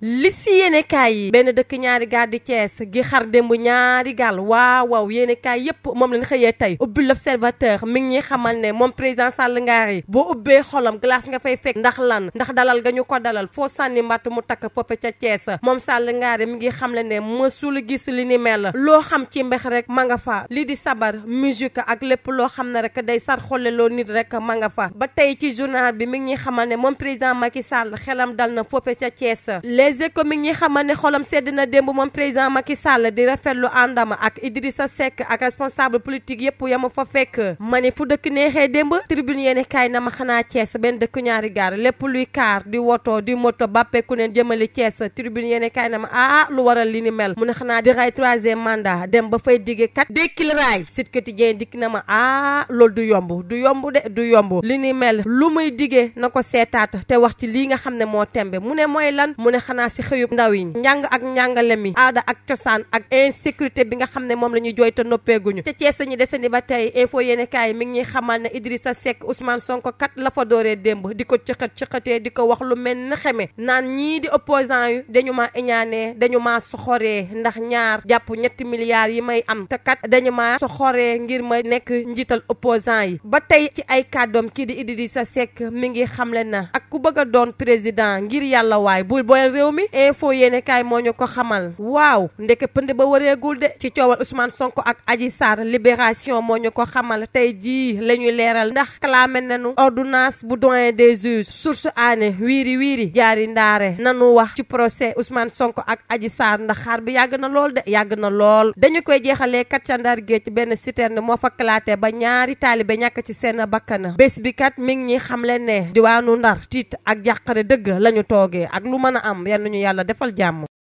li si yéenekaay yi benn dëkk ñaari gaal di Thiès gi xar démb ñaari gaal waaw waaw yéenekaay yépp moom lañ xëyee tey ubbi l'observateur mi ngi ñuy xamal ne moom président Sall ngaar yi boo ubbee xolam glace nga fay fekk ndax ndax dalal ga ñu ko dalal foo sànni mbatt mu takk foofe ca Thiès moom Sall ngaar mi ngi xam le ne mësul gis li ni mel loo xam ci mbex rek ma nga fa lii di sabar musique ak lépp loo xam ne rek day sar xolle loo nit rek ma nga fa ba tey ci journal bi mi ngi ñuy xamal ne moom président Macky Sall xelam dal na foofe ca ceesa les échos mi na démb moom président Macky Sall di rafetlu àndam ak Idrissa Seck ak responsable politique yëpp yama fa fekk ma ne fu dëkk neexee démb tribune yéen kaay na ma xanaa Thiès benn dëkk ñaari gaar di woto di moto bàppeeku neen jëmale Thiès tribune yéen kaay na ma ah lu waral li mu ne xanaa di raay troisième mandat dem ba fay digge kat dékkil raay Sud Quotidien dikk na ma ah loolu du yomb du yomb de du yomb li ni mel lu muy digee na ko seetaat te wax ci lii nga xam ne moo tembe mu ne mooy lan mu ne xanaa maanaa si xëyub ndaw yi njàng ak njàngale ak cosaan ak bi nga xam ne moom la ñuy jooy te noppeeguñu te Cees sañu desandi ba tey info yéene kaay mi ngi ñuy xamal ne Idrissa la fa dooree démb di ko cëxat di ko wax lu mel ni xeme naan ñii di opposant yi dañu ma iñaanee dañu ma soxoree ndax ñaar jàpp ñetti milliards yi may am te kat dañu maa soxoree ngir ma nekk njiital opposant yi ba tey ci ay kàddoom kii di sa Seck mi ngi xamle na ak ku bëgg doon président ngir yàlla waay bul booy réew réew mi info yéene kaay moo ñu ko xamal waaw ndeke pënd ba wareegul de ci coowal Ousmane sonk ak aji Sarr libération moo ñu ko xamal tey jii la ñuy leeral ndax clamé nañu ordonnance bu doyen des juges source aané wiiri wiiri jaari ndaare nanu wax ci procès Ousmane sonk ak Adji Sarr ndax xaar bi yàgg na lool de yàgg na lool dañu koy jeexalee kat ca Ndar benn benn citerne moo fa klaate ba ñaari taalibe ñàkk ci seen bakkana bés bi kat mi ngi xam xamle ne diwaanu Ndar tiit ak jàqare dëgg la toogee ak lu mën a am yàlla ñu yàlla defal jàmm